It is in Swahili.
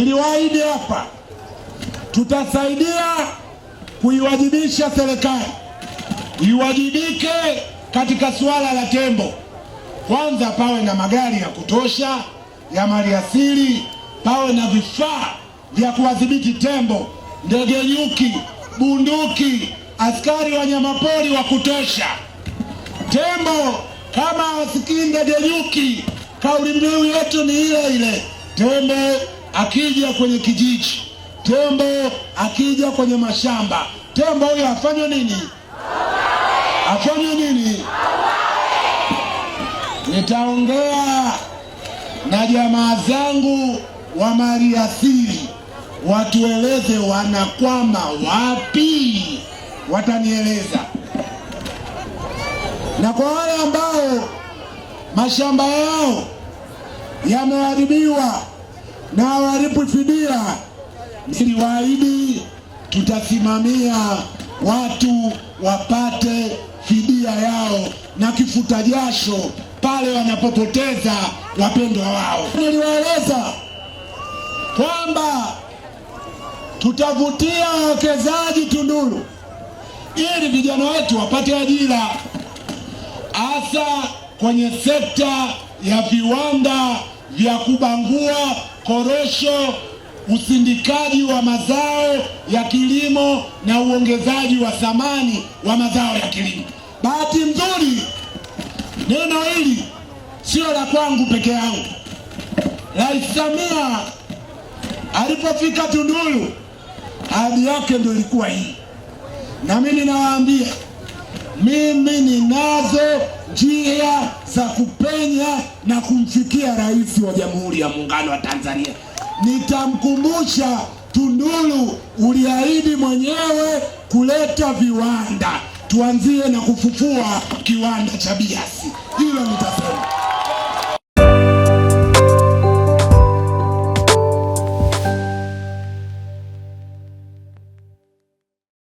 Niliwaahidi hapa tutasaidia kuiwajibisha serikali iwajibike katika suala la tembo. Kwanza pawe na magari ya kutosha ya maliasili, pawe na vifaa vya kuwadhibiti tembo, ndege nyuki, bunduki, askari wanyamapori wa kutosha. Tembo kama hawasikii ndege nyuki, kauli mbiu yetu ni ile ile, tembo akija kwenye kijiji, tembo akija kwenye mashamba, tembo huyo afanywe nini? Afanywe nini? Nitaongea na jamaa zangu wa asili, watueleze wanakwama wapi, watanieleza. Na kwa wale ambao mashamba yao yameharibiwa na fidia niliwaahidi tutasimamia watu wapate fidia yao na kifuta jasho pale wanapopoteza wapendwa wao. Niliwaeleza kwamba tutavutia wawekezaji Tunduru ili vijana wetu wapate ajira hasa kwenye sekta ya viwanda vya kubangua korosho, usindikaji wa mazao ya kilimo na uongezaji wa thamani wa mazao ya kilimo. Bahati nzuri, neno hili sio la kwangu peke yangu. Rais Samia alipofika Tunduru, ahadi yake ndio ilikuwa hii, na mimi ninawaambia mimi ninazo njia za kupenya na kumfikia rais wa Jamhuri ya Muungano wa Tanzania. Nitamkumbusha tundulu uliahidi mwenyewe kuleta viwanda, tuanzie na kufufua kiwanda cha biasi. Hilo nitasema.